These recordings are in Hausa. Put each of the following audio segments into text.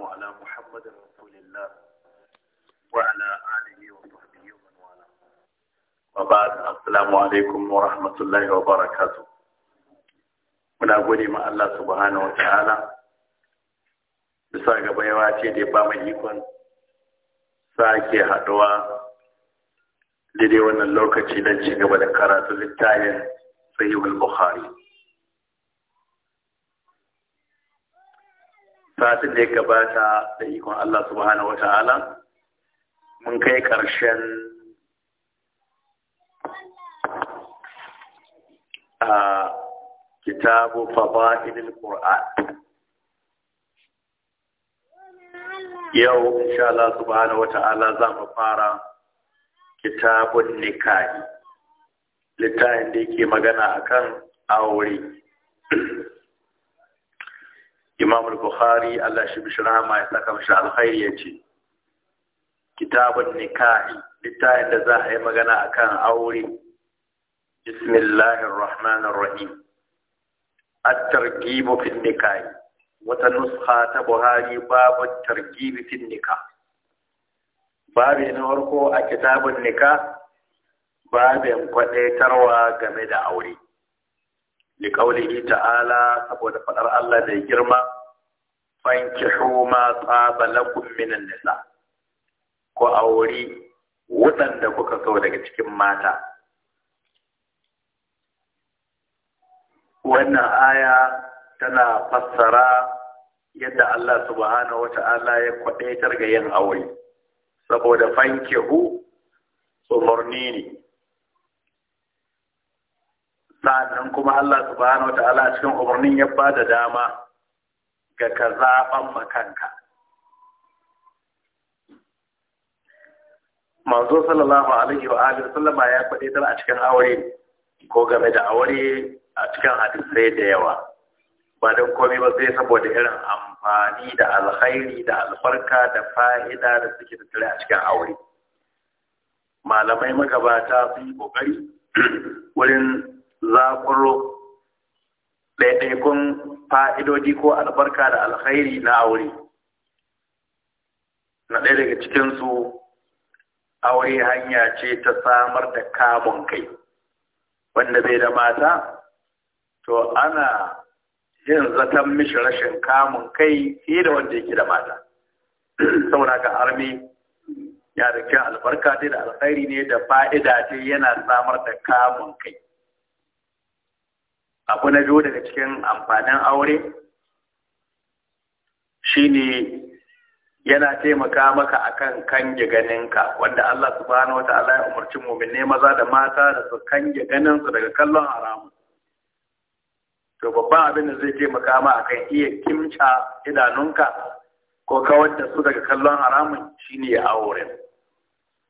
والسلام على محمد رسول الله وعلى آله وصحبه ومن والاه وبعد السلام عليكم ورحمة الله وبركاته muna gode ma Allah subhanahu wa ta'ala bisa ga baiwa ce da ba mai ikon sake haduwa daidai wannan lokaci don ci gaba da karatu littafin sahihul bukhari satin da ya gabata da ikon Allah subhanahu wa ta'ala mun kai ƙarshen a kitabu fada'ilil Qur'an yau insha Allah subhanahu wa za mu fara kitabun nikahi littafin da yake magana akan aure imam al-bukhari Allah shi bishira ma ya saka mishi alkhairi yace kitabun nikahi littafin da za a yi magana akan aure bismillahir rahmanir rahim at-targhib fi nikahi wata nuskha ta buhari babu targhib fi nikah babu na farko a kitabun nikah babin kwadaitarwa game da aure li qawlihi ta'ala saboda fadar Allah da girma fankihu ma tsaba lakum minan nisa ko auri waɗanda kuka so daga cikin mata wannan aya tana fassara yadda Allah subhanahu wata'ala ya kwadaitar ga yin aure saboda fankihu umarni ne sa'an kuma Allah subhanahu wataala cikin umarnin ya ba da dama ga ka zaɓan makanka manzo sallallahu alaihi wa alihi sallama ya faɗi tana a cikin aure ko game da aure a cikin hadisai da yawa ba don komai ba sai saboda irin amfani da alhairi da alfarka da fa'ida da suke tattare a cikin aure malamai magabata sun yi ƙoƙari wurin zaƙuro ɗaiɗaikun fa'idodi ko albarka da alkhairi na aure na ɗaya daga cikinsu aure hanya ce ta samar da kamun kai wanda bai da mata to ana yin zaton mishi rashin kamun kai fiye da wanda yake da mata Sauna ga armi ya da albarka dai da alkhairi ne da fa'ida ce yana samar da kamun kai abu na biyu daga cikin amfanin aure shi ne yana taimaka maka akan kange ganinka wanda Allah subhanahu wata'ala ya umarci mu'minne maza da mata da su kange ganinsu daga kallon haramun to babban abin da zai taimaka ma kan iya kimca idanunka ko kawar da su daga kallon haramun shi shine auren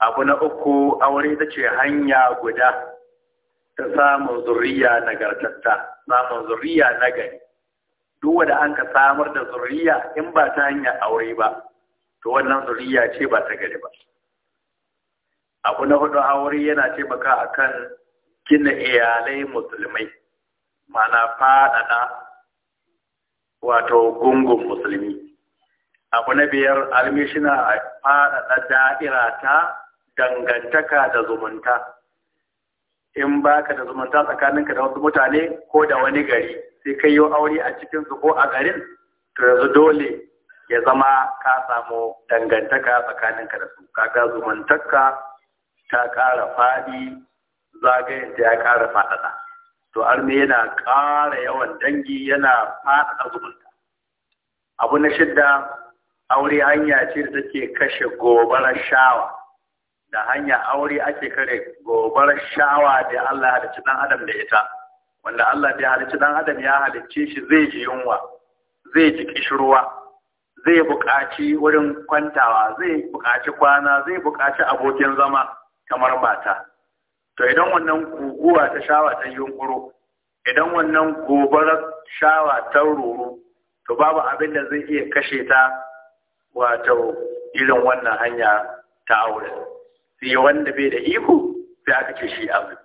abu na uku aure ita ce hanya guda ta samun zuriya nagartatta samun zuriya nagari duk wanda an ka samar da zuriya in ba ta hanyar aure ba to wannan zuriya ce ba ta gari ba abu na hudu aure yana taimaka akan gina iyalai musulmai mana faɗaɗa wato gungun musulmi abu na biyar almishina a faɗaɗa da'ira ta dangantaka da zumunta in ba ka da zumunta tsakaninka da wasu mutane ko da wani gari sai kai yi aure a cikin su ko a garin to yanzu dole ya zama ka samu dangantaka tsakaninka da su kaga zumuntarka ta ƙara faɗi zagayen ta ya ƙara faɗaɗa to arme yana ƙara yawan dangi yana faɗaɗa zumunta abu na shidda aure hanya ce da take kashe gobarar shawa da hanya aure ake kare gobar shawa da Allah ya halicci dan adam da ita wanda Allah da ya halicci dan adam ya halicce shi zai ji yunwa zai ji kishirwa zai buƙaci wurin kwantawa zai buƙaci kwana zai buƙaci abokin zama kamar mata to idan wannan guguwa ta shawa ta yunkuro idan wannan gobar shawa ta ruru to babu abin da zai iya kashe ta wato irin wannan hanya ta aure sai wanda bai da iko sai aka ce shi azumi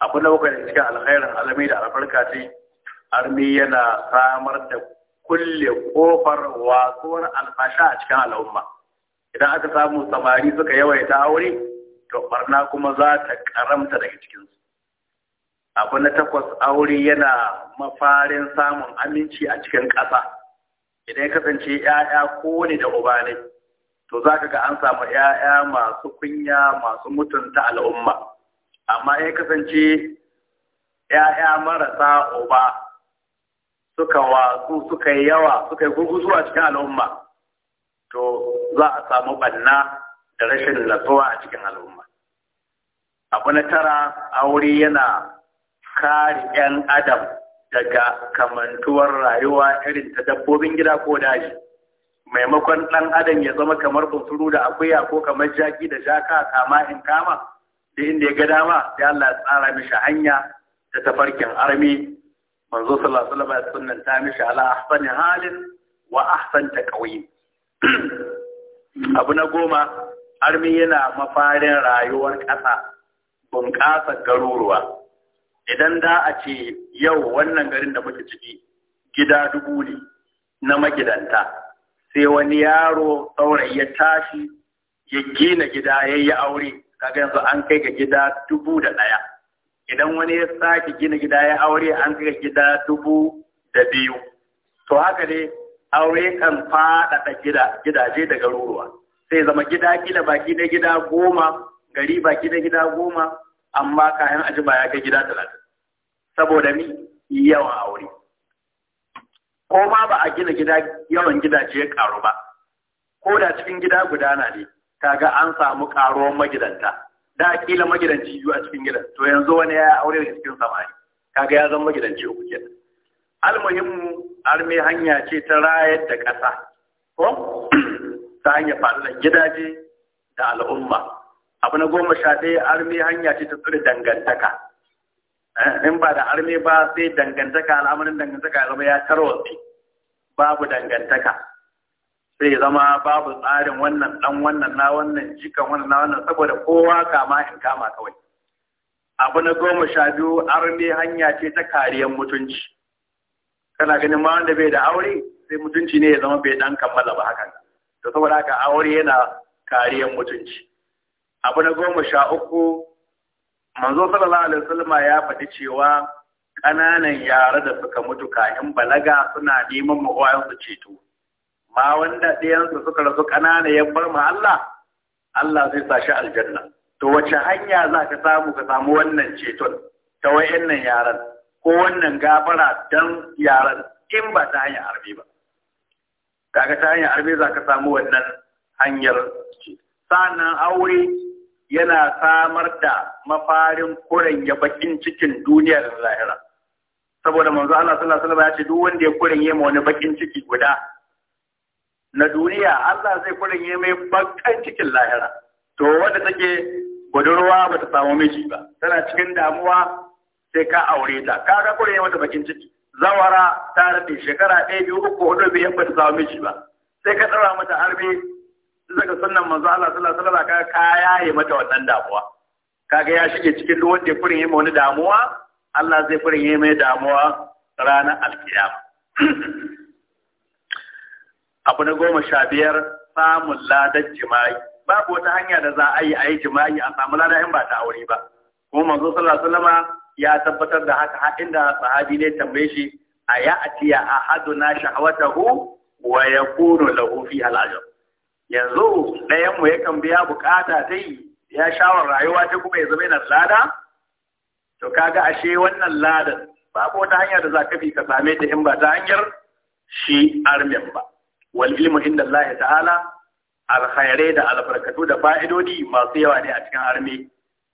abu na bakwai da cikin alkhairin alamai da albarka ce armi yana samar da kulle kofar wasuwar alfasha a cikin al'umma idan aka samu samari suka yawaita aure to barna kuma za ta karamta daga cikinsu abu na takwas aure yana mafarin samun aminci a cikin ƙasa idan ya kasance 'ya'ya ne da uba ne to za ka ga an samu 'ya'ya masu kunya masu mutunta al'umma amma ya kasance 'ya'ya marasa uba suka watsu suka yi yawa suka yi zuwa cikin al'umma to za a samu ɓanna da rashin natsuwa a cikin al'umma abu na tara aure yana kare 'yan adam daga kamantuwar rayuwa irin ta dabbobin gida ko daji maimakon ɗan adam ya zama kamar kunturu da akuya ko kamar jaki da jaka kama in kama da inda ya ga dama sai Allah ya tsara mishi hanya ta tafarkin armi manzo sallallahu alaihi wasallam ya mishi ala ahsani halin wa ahsan taqwi abu na goma armi yana mafarin rayuwar ƙasa bunƙasa garuruwa idan da a ce yau wannan garin da muke ciki gida dubu ne na magidanta sai wani yaro saurayi ya tashi ya gina gida ya yi aure kaga yanzu an kai ga gida dubu da ɗaya idan wani ya sake gina gida ya aure an kai ga gida dubu da biyu to haka ne aure kan faɗaɗa gida gidaje daga garuruwa sai zama gida kila baki da gida goma gari baki da gida goma amma kayan aji ba ya kai gida talatin saboda mi yawan aure ko ma ba a gina gida yawan gidaje ya karu ba ko da cikin gida gudana ne kaga an samu karuwar magidanta da kila magidanci biyu a cikin gidan to yanzu wani ya aure da cikin samari kaga ya zama magidanci uku kenan almuhimmu arme hanya ce ta rayar da ƙasa ko ta hanyar faɗaɗa gidaje da al'umma abu na goma sha ɗaya arme hanya ce ta tsiri dangantaka Eh, in ba da arme ba sai dangantaka al'amarin dangantaka zama ya tarwatsi babu dangantaka sai zama babu tsarin wannan dan wannan na wannan jikan wannan na wannan saboda kowa kama in kama kawai abu na goma sha biyu arme hanya ce ta kariyar mutunci kana ganin ma wanda bai da aure sai mutunci ne ya zama bai dan kammala ba hakan to saboda haka aure yana kariyar mutunci abu na goma sha uku manzo sallallahu alaihi wasallama ya faɗi cewa ƙananan yara da suka mutu kayan balaga suna neman su ceto ma wanda ɗayansu suka rasu kanana ya bar mu Allah Allah zai sa shi aljanna to wace hanya za ka samu ka samu wannan ceton ta wayannan yaran ko wannan gafara dan yaran in ba ta hanyar arbi ba kaga ta hanyar arbi za ka samu wannan hanyar ce sannan aure yana samar da mafarin kuranya bakin cikin duniya lahira saboda manzo Allah sallallahu alaihi wasallam ya ce duk wanda ya kuranye ma wani bakin ciki guda na duniya Allah zai kuranye mai bakin cikin lahira to wanda take budurwa bata samu miji ba tana cikin damuwa sai ka aure ta kaga kuranye mata bakin ciki zawara ta rade shekara ɗaya biyu uku hudu biyar bata samu miji ba sai ka tsara mata harbi daga sunnan manzo Allah sallallahu alaihi wasallam ka yaye mata wannan damuwa kaga ya shige cikin duk wanda ya furin yi wani damuwa Allah zai furin yi mai damuwa ranar alkiyama abu na goma sha biyar samun ladan jima'i babu wata hanya da za a yi a yi jima'i a samu ladan in ba ta aure ba kuma manzo sallallahu alaihi wasallam ya tabbatar da haka har inda sahabi ne tambaye shi a ya atiya ahaduna shahwatahu wa yakunu lahu fi al-ajr yanzu ɗayanmu mu yakan biya bukata ta ya shawar rayuwa ta kuma ya zama yana lada to kaga ashe wannan ladan babu wata hanya da za ka bi ka same ta in ba ta hanyar shi armen ba wal ilmu inda Allah ta'ala alkhairai da albarkatu da fa'idodi masu yawa ne a cikin arme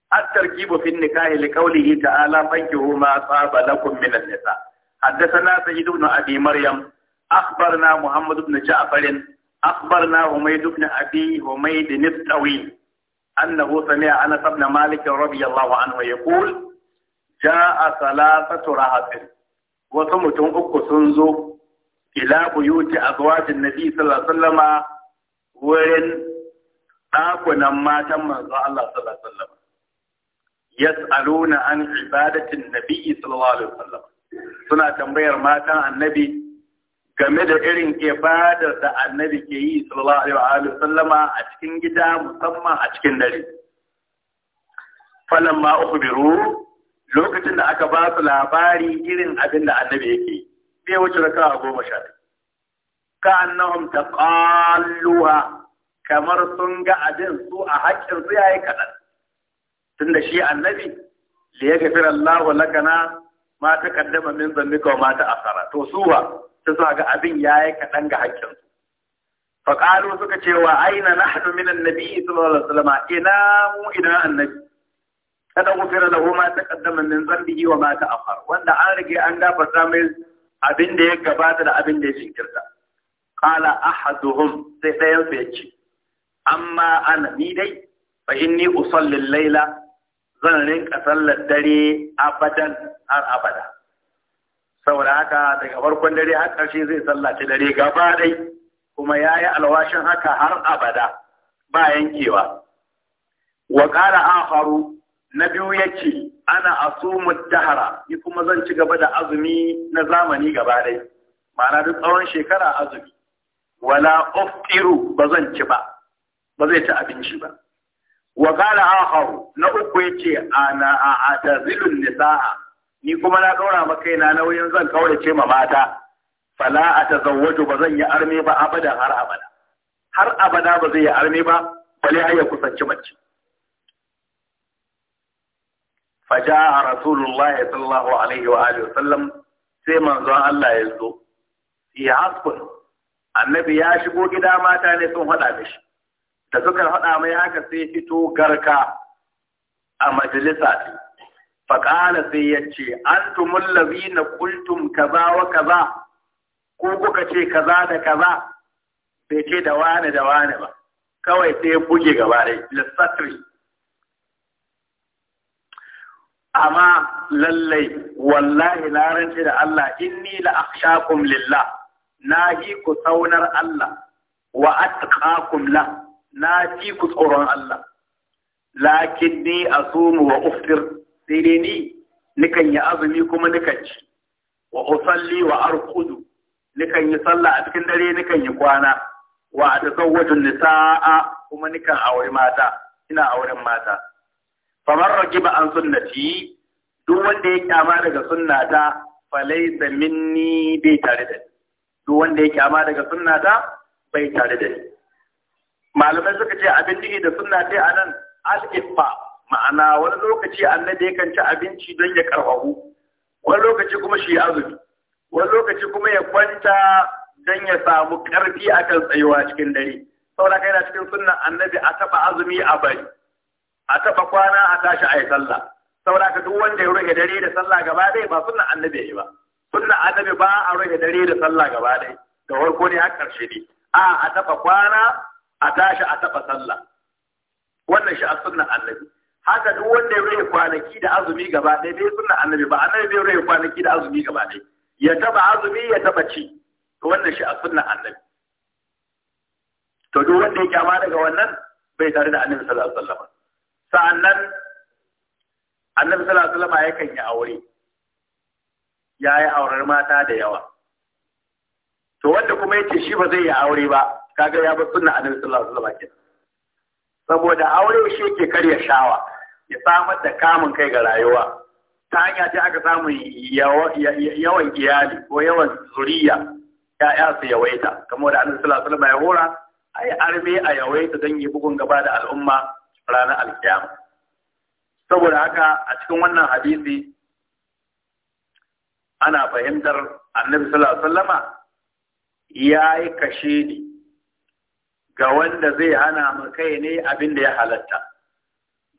التركيب في النكاح لقوله تعالى فانكحوا ما طاب لكم من النساء حدثنا سيد بن ابي مريم اخبرنا محمد بن جعفر أخبرنا هميد بن أبي هميد الطويل أنه سمع أنس بن مالك رضي الله عنه يقول جاء ثلاثة رهط وصمت أكو سنزو إلى بيوت أزواج النبي صلى الله عليه وسلم wurin ɗakunan matan manzo Allah sallallahu alaihi wasallam yas'aluna an ibadatin nabiyyi sallallahu suna tambayar matan annabi game da irin ibadar da annabi ke yi sallallahu alaihi wa sallama a cikin gida musamman a cikin dare falan ma ukhbiru lokacin da aka ba su labari irin abin da annabi yake yi sai wuce raka goma sha ka annahum taqalluha kamar sun ga abin su a haƙƙin su yayi kadan tunda shi annabi li yaghfira Allahu lakana ma taqaddama min dhanbika wa ma ta'akhara to suwa ta sa ga abin ya yi kaɗan ga hakkin faƙalu suka ce wa aina nahnu min annabi sallallahu alaihi wasallam ina mu ina annabi kada gufira lahu ma taqaddama min zambihi wa ma ta'akhkhar wanda an rige an gafarta mai abin da ya gabata da abin da ya jinkirta kala ahaduhum sai ɗayan su yace amma ana ni dai fa inni usalli laila zan rinka sallar dare abadan har abada saboda haka daga farkon dare har ƙarshe zai sallaci dare gaba dai kuma ya yi alwashin haka har abada ba yankewa wa ƙara aharu na biyu ya ce ana asumu dahara ni kuma zan ci gaba da azumi na zamani gaba dai ma'ana duk tsawon shekara azumi wala uftiru ba zan ci ba ba zai ci abinci ba wa ƙara aharu na uku ya ce ana a atazilun nisa'a ni kuma na ɗora maka yana nauyin zan kaurace ma mata fala a ta zawwaju ba zan yi arme ba abada har abada har abada ba zai yi arme ba bale har ya kusanci mace a rasulullahi sallallahu alaihi wa alihi wasallam sai manzon Allah ya zo ya haskun annabi ya shigo gida mata ne sun haɗa mishi da suka haɗa mai haka sai fito garka a majalisa faƙala sai ya ce an tumullabi na kultum kaza wa kaza ko kuka ce kaza da kaza Sai ce da wane da wane ba kawai sai ya buge gaba dai lissatri amma lallai wallahi na rance da Allah inni la akhshakum lillah na yi ku saunar Allah wa atqakum la na ku tsoron Allah lakinni asumu wa uftir sai dai ni nikan yi azumi kuma nikan ci wa usalli wa arqudu nikan yi sallah a cikin dare nikan yi kwana wa atazawwaju nisaa kuma nikan aure mata ina auren mata faman ragiba an sunnati duk wanda ya kyama daga sunnata falaisa minni bai tare da ni duk wanda ya kyama daga sunnata bai tare da ni malamai suka ce abin da sunna ce anan al-iffa ma'ana wani lokaci annabi yakan ci abinci don ya karɓahu wani lokaci kuma shi azumi wani lokaci kuma ya kwanta don ya samu ƙarfi akan tsayuwa cikin dare saboda kai na cikin sunnan annabi a taɓa azumi a bari a taɓa kwana a tashi a yi sallah saboda ka duk wanda ya rufe dare da sallah gaba ɗaya ba sunnan annabi yi ba sunnan annabi ba a rufe dare da sallah gaba ɗaya da farko ne a ƙarshe ne a a taɓa kwana a tashi a taɓa sallah wannan shi a sunan annabi haka duk wanda ya rage kwanaki da azumi gaba ɗaya bai suna annabi ba annabi bai rage kwanaki da azumi gaba ɗaya ya taba azumi ya taba ci to wannan shi a sunna annabi to duk wanda ya kyama daga wannan bai tare da annabi sallallahu alaihi wasallam sa'annan annabi sallallahu alaihi wasallam yakan yi aure ya yi aurar mata da yawa to wanda kuma yace shi ba zai yi aure ba kaga ya bi sunna annabi sallallahu alaihi wasallam kenan saboda aure shi yake karya shawa ya samar da kamun kai ga rayuwa ta hanya ce aka samu yawan iyali ko yawan zuriya ya'ya su yawaita kamar da annabi sallallahu alaihi wasallam ya yi ai arme a yawaita don yi bugun gaba da al'umma ranar alkiyama saboda haka a cikin wannan hadisi ana fahimtar annabi sallallahu alaihi ya yi kashe ne ga wanda zai hana mu kai ne abin da ya halatta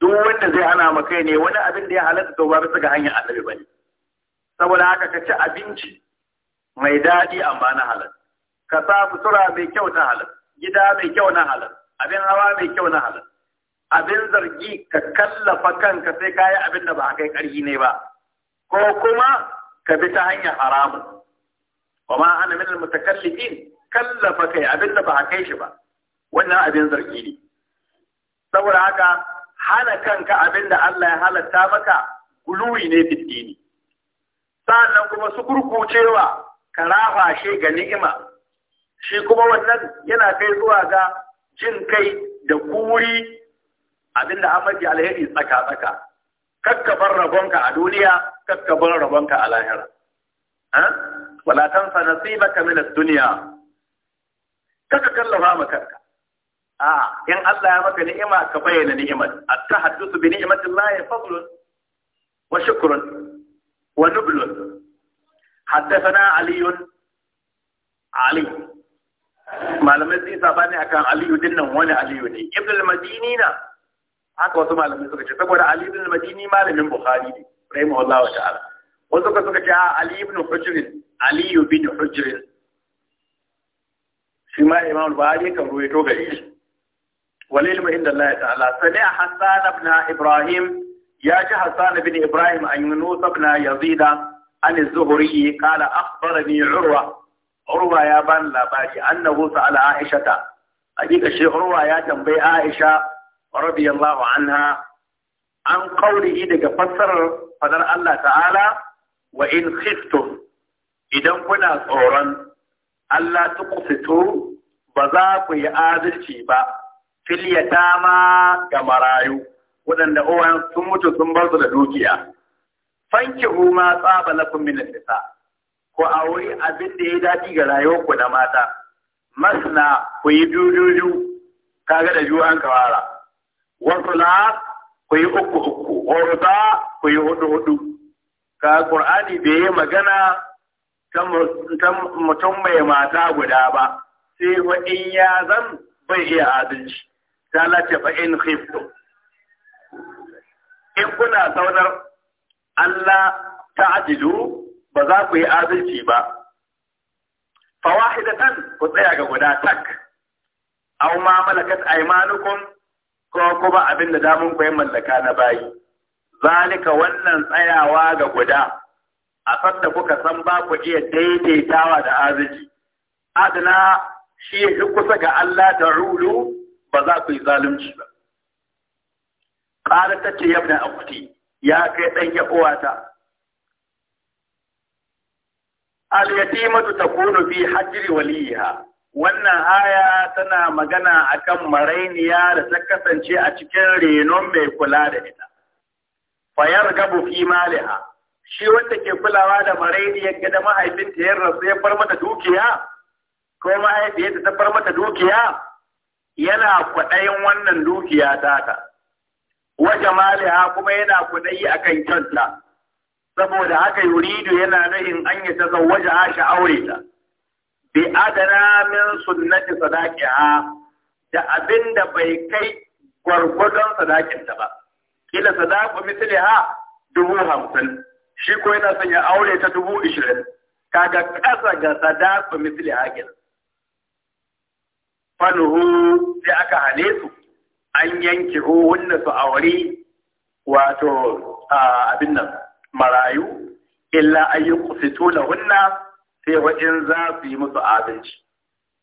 duk wanda zai hana maka kai ne wani abin da ya halatta to ba bisa ga hanyar annabi bane saboda haka ka ci abinci mai daɗi amma na halal ka sa sutura mai kyau na halal gida mai kyau na halal abin hawa mai kyau na halal abin zargi ka kallafa kanka sai ka yi abin da ba kai ƙarfi ne ba ko kuma ka bi ta hanyar haramun wa ma ana min mutakallifin kallafa kai abin da ba kai shi ba wannan abin zargi ne saboda haka hana kanka abin da Allah ya halatta maka guluwi ne fitini. Sannan kuma su kurkucewa ka shi ga ni'ima shi kuma wannan yana kai zuwa ga jin kai da kuri abin da mafi alheri tsaka-tsaka kakkabar rabonka a duniya kakkabar rabonka a lahira wala tansa nasibaka min ad-dunya kaka kallafa makarka a in Allah ya maka ni'ima ka bayyana ni'imar at-tahaddusu bi ni'matillahi fadlun wa shukrun wa nublun haddathana aliyun ali malamai sun sabani akan aliyu dinnan wani aliyu ne ibn al-madini na haka wasu malamai suka ce saboda ali ibn al-madini malamin bukhari ne rahimahullahu ta'ala wasu ka suka ce ali ibn hujr ali ibn hujr shi ma imam bukhari kan ruwaito ga shi walilmu inda Allah ta'ala sami Hassan ibn Ibrahim ya ci Hassan ibn Ibrahim an Yunus ibn yazida an Zuhri qala akhbarani Urwa Urwa ya bani labari annahu sa'ala Aisha ta hakika shi Urwa ya tambayi Aisha radiyallahu anha an kauri daga fassarar fadar Allah ta'ala wa in khiftum idan kuna tsoron Allah tuqsitu ba za ku yi adalci ba fil dama ga marayu waɗanda uwan sun mutu sun bar su da dukiya fanki ma tsaba lakum min nisa ko auri abin da ya daɗi ga rayuwar ku da mata masna ku yi biyu kaga da biyu an kawara wasu na ku yi uku uku warza ku yi hudu hudu ka qur'ani bai yi magana ta mutum mai mata guda ba sai wa in ya zan bai iya adalci ta lace ba in khiftu in kuna saunar Allah ajiju ba za ku yi adalci ba fa wahidatan ku tsaya ga guda tak aw ma malakat aymanukum ko kuma abin da damun ku mallaka na bayi zalika wannan tsayawa ga guda a sanda kuka san ba ku iya daidaitawa da aziki. adana shi ya kusa ga Allah ta rulu ba za ku yi zalunci ba ƙara tace ce yabna kuti ya kai ɗan ta. Aliyati matu ta kuno bi Hajji waliha wannan aya tana magana a kan marainiya da ta kasance a cikin renon mai kula da ita fayar gabu fi maliha shi wanda ke kulawa da marainiyar gada mahaifinta ya rasu ya far mata dukiya ko mahaifiyarta ta far mata dukiya yana kwaɗayin wannan dukiya taka Waje maliha kuma yana kwaɗayi kan kyanta saboda haka yuridu yana nahin an ta tazawwaja ha shi aure ta bi adana min sunnati ha da abinda bai kai gwargwadon sadakin ta ba kila sadaku misali ha! dubu hamsin shi ko yana sanya ya aure ta dubu ishirin kaga kasa ga sadaku misali kenan Fanuhu sai aka hane su an yanke hunna su aure wato abin nan marayu illa ayyuku fitula hunna sai wajen za su yi musu abinci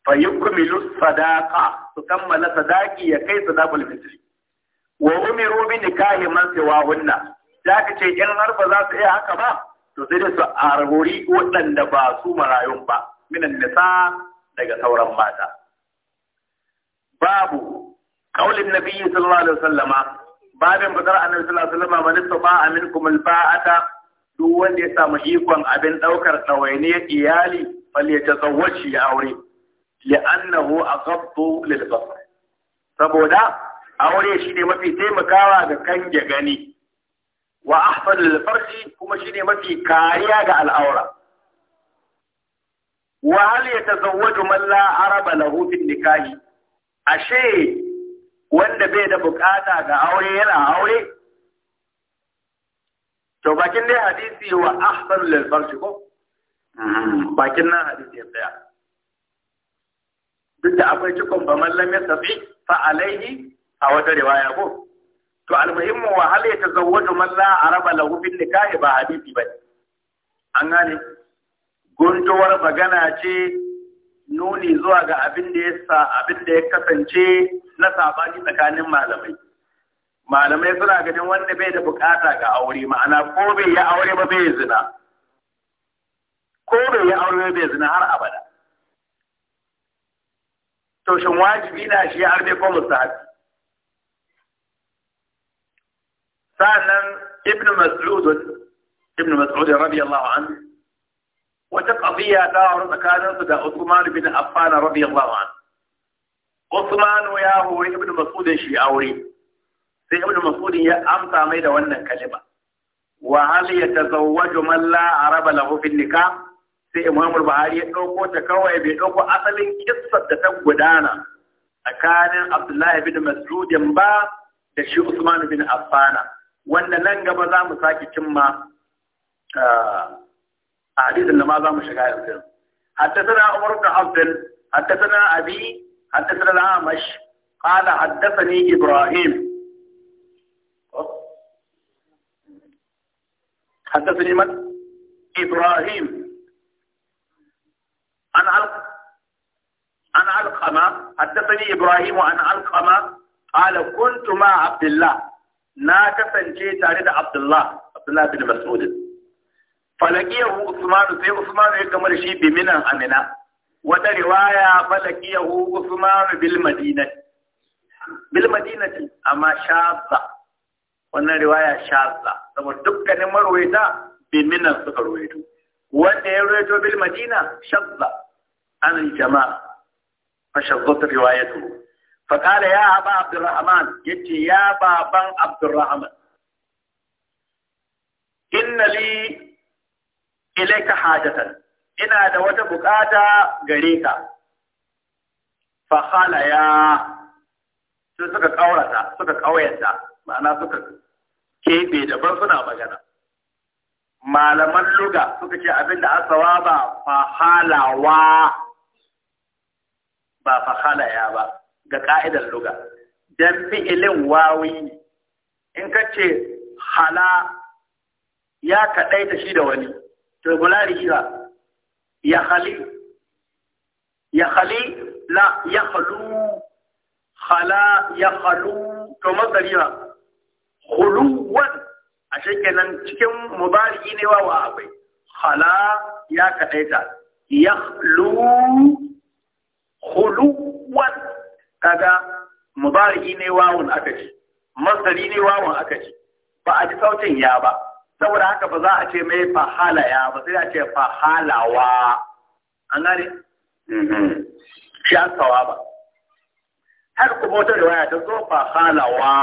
Fa yi fayukmilu sadaqa su kammala sadaki ya kai sadaqul fitri wa umiru bi nikahi man siwahunna zaka ce in har ba za su iya haka ba to sai da su arhuri waɗanda ba su marayun ba minan nisa daga sauran mata babu qaulin nabiyyi sallallahu alaihi wasallam babin bazar annabi sallallahu alaihi wasallam man istata'a aminkum alba'ata duk wanda ya samu ikon abin daukar tsawainiyar iyali fal ya tazawwaji ya aure li'annahu aqabtu lil basar saboda aure shine mafi taimakawa ga kange gani wa ahsan lil farji kuma ne mafi kariya ga al'aura wa hal yatazawwaju man la araba lahu fil nikahi ashe wanda bai da bukata ga aure yana aure to bakin dai hadisi wa ahsan lil farshi ko hmm, bakin nan hadisi ya tsaya duk da akwai cikon ba mallam ya tafi fa alaihi a wata riwaya ko to almuhimmu wa hal yatazawwaju man la araba lahu bin nikahi ba hadisi bane an gane guntowar magana ce nuni zuwa ga abin da ya sa abin da ya kasance na sabani tsakanin malamai malamai suna ganin wanda bai da bukata ga aure ma'ana ko bai yi aure ba bai zina ko bai yi aure bai zina har abada to shin wajibi na shi har harbe ko mustahabi sa'annan ibnu mas'ud ibnu mas'ud radiyallahu anhu wata ƙafiya ta wani tsakanin su da Usman bin Affan radiyallahu anhu Usman ya hori Ibn Mas'ud shi aure sai Ibn Mas'ud ya amsa mai da wannan kalima wa hal yatazawwaju man la araba lahu fin nikah sai Imam Buhari ya dauko ta kawai bai dauko asalin kissar da ta gudana tsakanin Abdullahi bin Mas'ud ba da shi Usman bin Affana wanda nan gaba za mu sake cimma ah, حديث لما ذا مش حدثنا عمر بن عبد حدثنا أبي حدثنا العامش قال حدثني إبراهيم حدثني من؟ إبراهيم عن علق عن علقمة حدثني إبراهيم عن علقمة قال كنت مع عبد الله ناكفا جيت عند عبد الله عبد الله بن مسعود falakiyahu usman sai usman ya kamar shi bi minan amina wata riwaya falakiyahu usman bil madinati bil madinati amma shazza wannan riwaya shazza saboda dukkanin marwaita bi minan suka ruwaito wanda ya ruwaito bil madina shazza an jama'a fa shazzat riwayatu fa kala ya aba abdurrahman yace ya baban abdurrahman inna li ilaika hajatan ina da wata bukata gare ka fa khalaya sai suka kaurata suka kauyata ma'ana suka kebe daban suna magana malaman luga suka ce abin da asawa ba fahalawa ba fahalaya ba ga ka'idar luga dan fi'ilin wawi in ka ce hala ya kaɗaita shi da wani regularira ya khali ya khali la ya khalu khala ya khalu to a shekenan cikin mubari ne wa wa akwai khala ya kadaita ya khulu khuluwan mubari ne wawun aka ce masdari ne wawun ba a ji sautin ya ba saboda haka ba za a ce mai fahalaya ba sai a ce fahalawa an gane mm-hmm. shi an ba har kuma wata riwaya ta zo fahalawa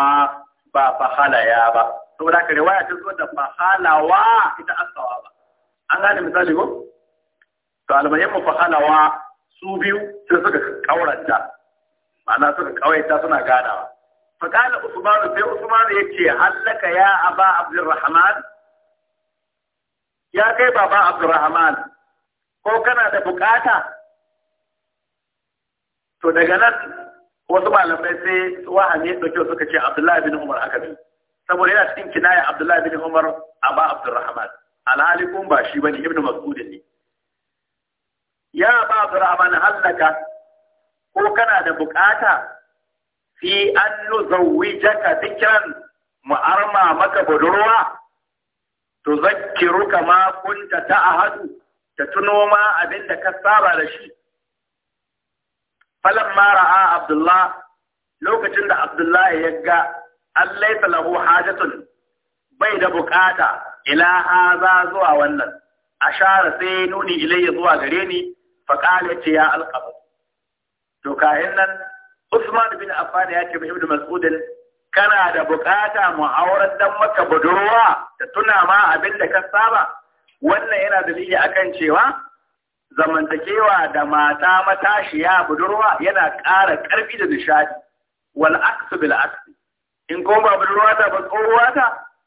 ba fahalaya ba saboda haka riwaya ta zo da fahalawa ita an ba an gane misali ko to albayyan mu fahalawa su biyu sai suka kauranta ma'ana suka kawaita suna ganawa fakala usmanu sai usmanu yace hallaka ya aba abdurrahman ya kai baba Abdurrahman ko kana da bukata to daga nan wasu malamai sai wahane dauke suka ce Abdullahi bin Umar aka bi saboda yana cikin kinaya Abdullahi bin Umar Aba Abdurrahman alhali kun ba shi bane Ibn Mas'ud ne ya ba Abdurrahman hallaka ko kana da bukata fi an nuzawijaka dikran mu arma maka budurwa tuzakkiruka ma kunta ta'ahadu ta tuno ma abin da ka saba da shi falamma ra'a abdullah lokacin da abdullah ya ga allai lahu hajatun bai da buƙata ila haza zuwa wannan ashara sai nuni ilayya zuwa gare ni fa ce ya alqab to kayan nan Usman bin Affan ya ce ibn kana da bukata mu dan maka budurwa da tuna ma abin da ka saba wannan yana dalili akan cewa zamantakewa da mata matashiya budurwa yana ƙara ƙarfi da nishadi wal aksu bil in ko ba budurwa ta ba tsohuwa ta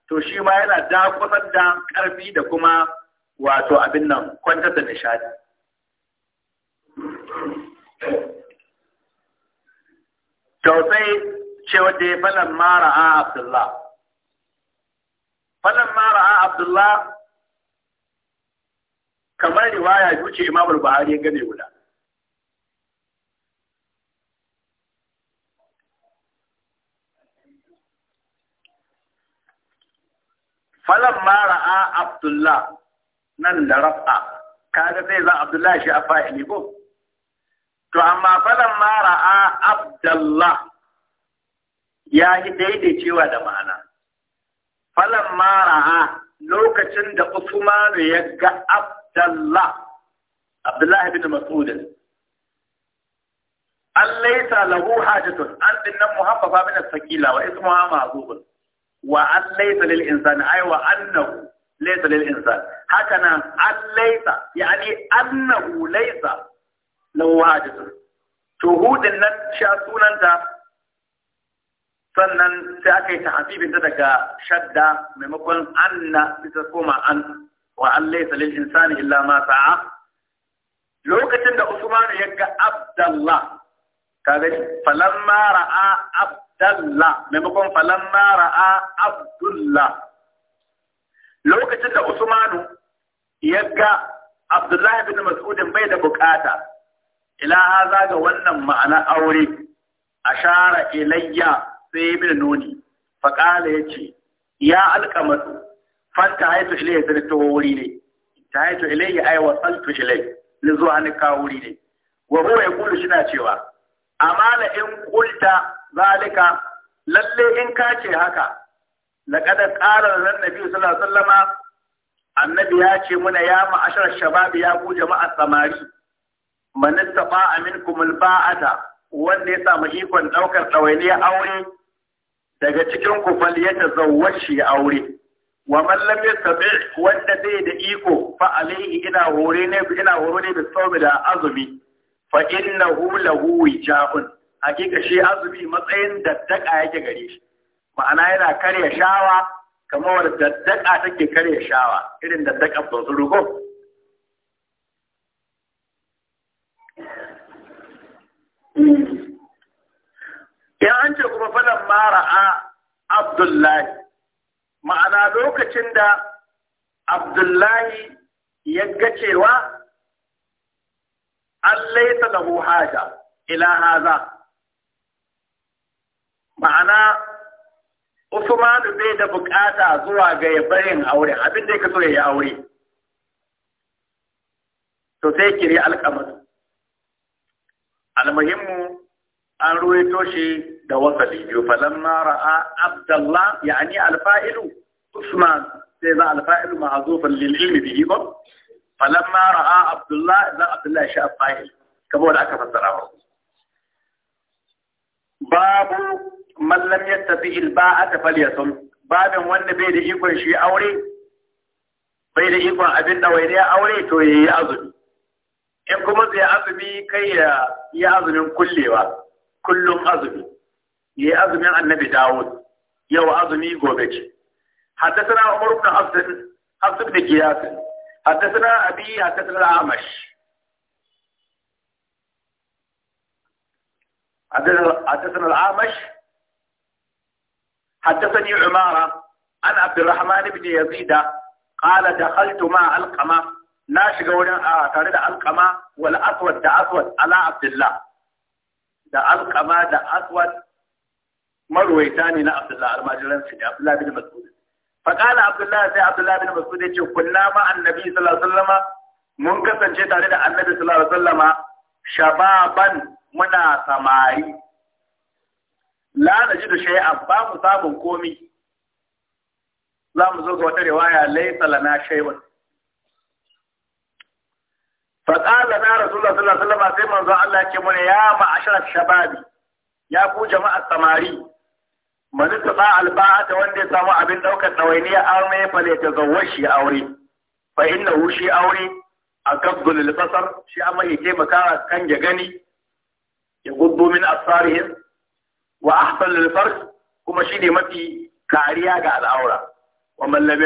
to shi ma yana dakusar da ƙarfi da kuma wato abin nan kwantar da nishadi to cewa da ya falan mara a Abdullah. Falan mara a Abdullah kamar riwaya wuce Imam Buhari ya gane guda. Falan mara a Abdullah nan da rafa kaga zai za Abdullah shi a fa'ili ko? To amma falan mara a Abdullah ya yi cewa da ma'ana falan mara'a lokacin da Usmanu ya ga Abdullah Abdullah bin Masudin, an laisa lahu hajatun an dinnan muhaffafa min as-sakila wa a ma'zubun wa an laisa lil insani ai wa annahu laisa lil insani haka nan an laisa yani annahu laisa lahu hajatun to hudin nan sha sunanta sannan sai aka yi ta'azibin ta daga shadda maimakon anna bisa koma an wa an laysa lil insani illa ma sa'a lokacin da Usman ya ga Abdullah kaga falamma ra'a Abdullah maimakon falamma ra'a Abdullah lokacin da Usmanu ya ga Abdullah bin Mas'ud bai da bukata ila haza ga wannan ma'ana aure ashara ilayya sai ya bi da faƙala ya ce ya alƙamatu fanta haitu ilayya zai ta wuri ne ta haitu ilayya ai wa santu ilayya ni zuwa ni kawo wuri ne wa mai ya kulu shi na cewa na in kulta zalika lalle in ka ce haka laqad qala nan nabi sallallahu alaihi wasallama annabi ya ce muna ya ma'ashar shababi ya ku jama'a samari man istafa minkum alba'ata wanda ya samu ikon daukar ɗawainiyar aure daga cikin ku fal yatazawwaj shi aure wa man lam yastabi wanda bai da iko fa alaihi ina hore ne ina hore ne da azumi fa innahu lahu wijahun hakika shi azumi matsayin daddaka yake gare shi ma'ana yana karya shawa kamar daddaka take karya shawa irin daddaka ba su rugo Mm-hmm. Idan an ce kuma falan mara a abdullahi ma'ana lokacin da abdullahi ya ga cewa an laisa lahu haja ila haza ma'ana Usmanu bai da bukata zuwa ga ya barin aure abin da ya kaso ya yi aure to sai kiri alkamatu almuhimmu an ruwaito shi da wasali biyu falamma ra'a abdallah yani alfa'ilu usman sai za alfa'ilu mahzufan lil ilmi bihi ba "Falan falamma ra'a abdullah za abdullah shi alfa'il kamar da aka fassara ba babu mallam man lam yattafi al ba'ata falyasum babin wanda bai da ikon shi aure bai da ikon abin da wai aure to ya yi azumi in kuma zai azumi kai ya yi azumin kullewa kullum azumi يا أزمي عن النبي داود يا أزمي قوبك حدثنا عمر بن حفص حفص بن كياس حدثنا أبي حدثنا الأعمش حدثنا الأعمش حدثني عمارة عن عبد الرحمن بن يزيد قال دخلت مع القمة ناشق ولا آه، تريد القمة والأسود دا أسود على عبد الله دا القمة دا أسود marwaita ne na Abdullah almajiran su ne Abdullah bin Mas'ud faqala Abdullah sai Abdullah bin Mas'ud ya ce kunna ma annabi sallallahu alaihi wasallam mun kasance tare da annabi sallallahu alaihi wasallam shababan muna samari la naji da shay'a ba mu samun komi za mu zo ga wata riwaya laisa lana shay'un faqala na rasulullah sallallahu alaihi wasallam sai manzo Allah ya ce mana ya ma'ashara shababi ya ku jama'a samari mani ta ba alba'a ta wanda ya samu abin ɗaukar ɗawainiya aure fa ne ta zawar shi aure fa inna hu shi aure a gabdul basar shi amma ya taimaka kan ya gani ya gubbo min asfarihim wa ahsan lil kuma shi ne mafi kariya ga al'aura wa man lam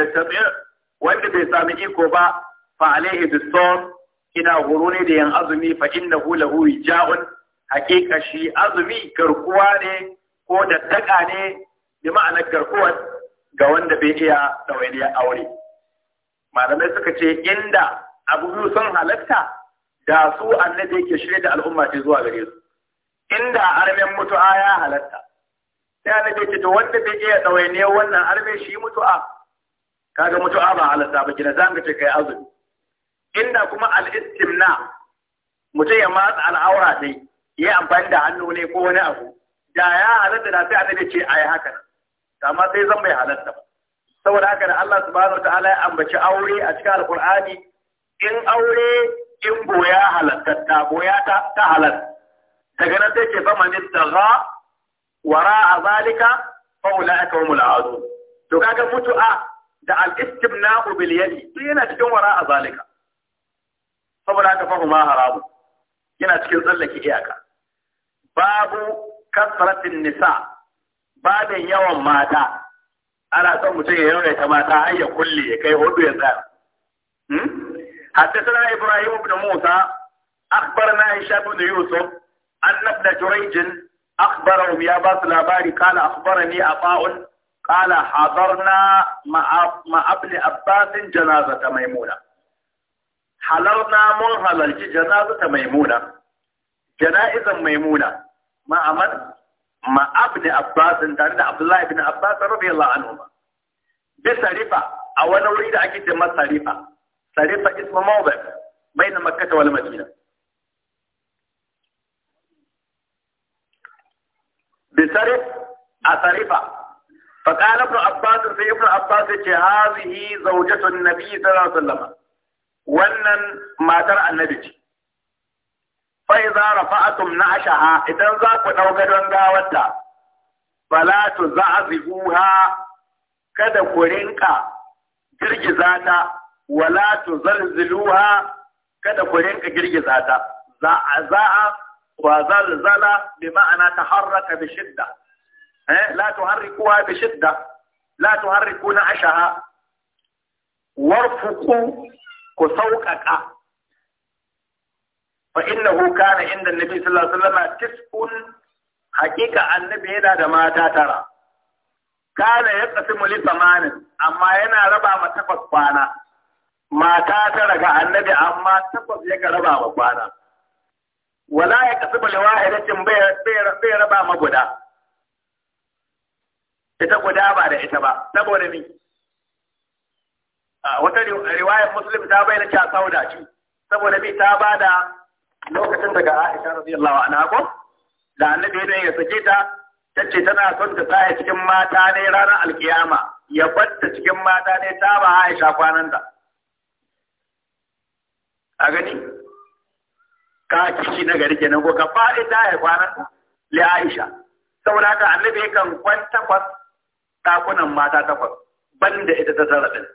wanda bai sami iko ba fa alaihi bisawm ina horo ne da yan azumi fa innahu lahu ja'un haqiqa shi azumi garkuwa ne ko daddaka ne bi ma'anar garkuwar ga wanda bai iya ɗawainiya aure malamai suka ce inda abu biyu sun halatta da su annabi yake shirya da al'umma ce zuwa gare su inda armen mutu'a ya halatta sai annabi yake to wanda bai iya ɗawainiya wannan armen shi mutu'a kaga mutu'a ba halatta ba kina zanga ce kai azumi inda kuma al-istimna mutum ya matsa al'aura dai ya amfani da hannu ne ko wani abu da ya halatta da sai annabi ce ayi haka amma sai zan bai halatta ba saboda haka da Allah subhanahu wataala ya ambaci aure a cikin alqur'ani in aure in boya halatta ta goya ta ta halatta daga nan sai ce faman istagha wara zalika fa ulaika humul aadu to kaga mutu'a da al-istibna'u bil yadi yana cikin wara zalika saboda haka fa huma haramu yana cikin tsallake iyaka babu kasratin nisa babin yawan mata ana son mutum يوم yawaita mata har ya kulle ya kai hudu ya tsaya حدثنا إبراهيم بن موسى أخبرنا هشام بن يوسف أن ابن جريج أخبره يا باس الأباري قال أخبرني أباء قال حضرنا مع مع ابن عباس جنازة ميمونة حضرنا مرحلة جنازة ميمونة جنائز ميمونة مع من؟ مع ابن عباس تارد عبد الله بن عباس رضي الله عنهما بسريفة أو أنا أريد أكيد ما سريفة سريفة اسم موضع بين مكة والمدينة بسرف أسرفة آه، فقال ابن عباس في ابن عباس هذه زوجة النبي صلى الله عليه وسلم wannan ما ترى النبي fai za rafa'atum na ashaha idan za ku ɗau gadon gawarta fala tu za'zibuha kada ku rinka kada ku rinka girgiza ta za'a za'a wa zalzala ma'ana ku sauƙaƙa fa innahu kana inda annabi sallallahu alaihi wasallam tis'un haqiqa annabi yana da mata tara kana ya qasimu li thamanin amma yana raba ma takwas kwana mata tara ga annabi amma takwas ya raba ma kwana wala ya kasibu li wahidatin bai bai raba ma guda ita guda ba da ita ba saboda ni ah, wata riwayar muslim ta bayyana cewa sauda ce saboda bi ta bada lokacin daga Aisha radiyallahu anha ko da annabi ne ya sake ta tace tana son ta tsaya cikin mata ne ranar alkiyama ya batta cikin mata ne ta ba Aisha kwanan ta a gani ka kici na gari kenan ko ka faɗi ta ya kwanan ta li Aisha saboda ka annabi kan kwanta kwas takunan mata takwas banda ita ta sarrafin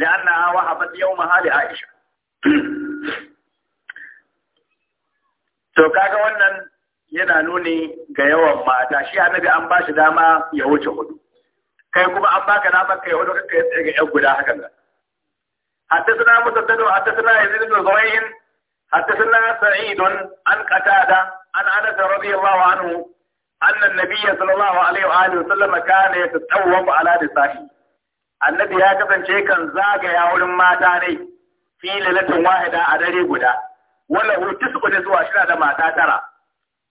la'anna wa habat yawma hali Aisha To kaga wannan yana nuni ga yawan mata shi annabi an ba shi dama ya wuce hudu kai kuma an baka dama kai wani kai tsaye ga yan guda hakan nan hatta suna musa tano hatta suna yanzu da zawayin hatta suna sa'idun an qatada an anas radiyallahu anhu anna nabiyya sallallahu alaihi wa alihi wasallam kana yatatawwafu ala dasahi annabi ya kasance kan zagaya wurin mata ne fi lalatin wahida a dare guda wala hu tisku ne zuwa shida da mata tara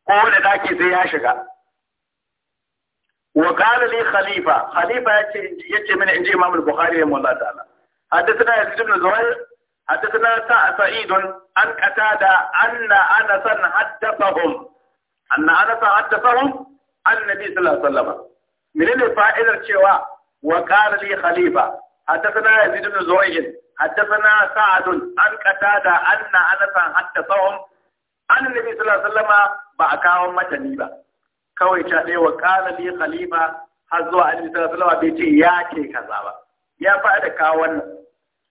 ko wanda daki sai ya shiga wa qala li khalifa khalifa yace yace mini inji imam al-bukhari rahimahullah ta'ala حدثنا يزيد بن زهير حدثنا سعيد عن قتادة أن An حدثهم أن أنسا حدثهم عن النبي صلى الله عليه Menene fa'idar cewa, الشواء وقال لي خليفة حدثنا يزيد بن Zuhair. حدثنا سعد عن قتادة أن أنسا حدثهم عن النبي صلى الله عليه وسلم بأكاهم متنيبا kawai ta ɗaya wa ƙala li khalifa har zuwa annabi sallallahu alaihi bai ce ya ke kaza ba ya fa'ida wannan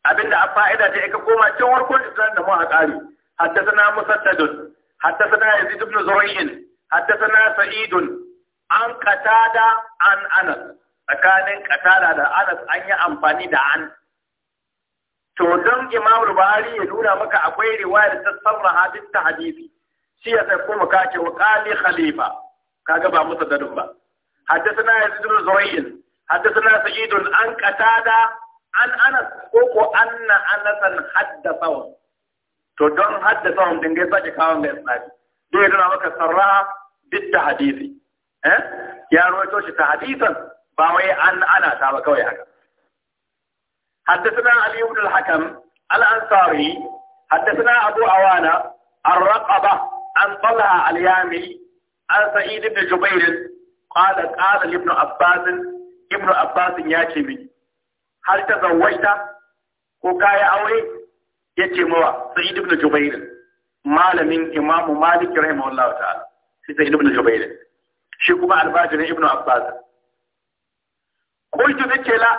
abinda a fa'ida ta ka koma cin warkon islam da mu a ƙari حدثنا مسدد حدثنا يزيد بن زريع حدثنا سعيد عن قتادة عن أنس tsakanin katara da anas an yi amfani da an to don imamul buhari ya nuna maka akwai riwayar ta sarraha duk ta hadisi shi ya sai kuma ka ce wa qali khalifa kaga ba musa dadin ba haddathana yazid bin zurayn haddathana sa'id an qatada an anas ko ko anna anasan haddathahu to don haddathahu din dinga sake kawo mai tsari dai nuna maka sarraha duk ta hadisi eh ya rawaito shi ta hadisan ba wai an ana ta ba kawai haka حدثنا علي بن الحكم الأنصاري حدثنا أبو عوانة الرقبة عن طلحة اليامي عن سعيد بن جبير قال قال لابن عباس ابن عباس يا كيمي هل تزوجت وكايا أوي يتي سعيد بن جبير malamin من إمام مالك رحمه الله تعالى Ibn بن جبير kuma albajirin Ibn Abbas qultu nace la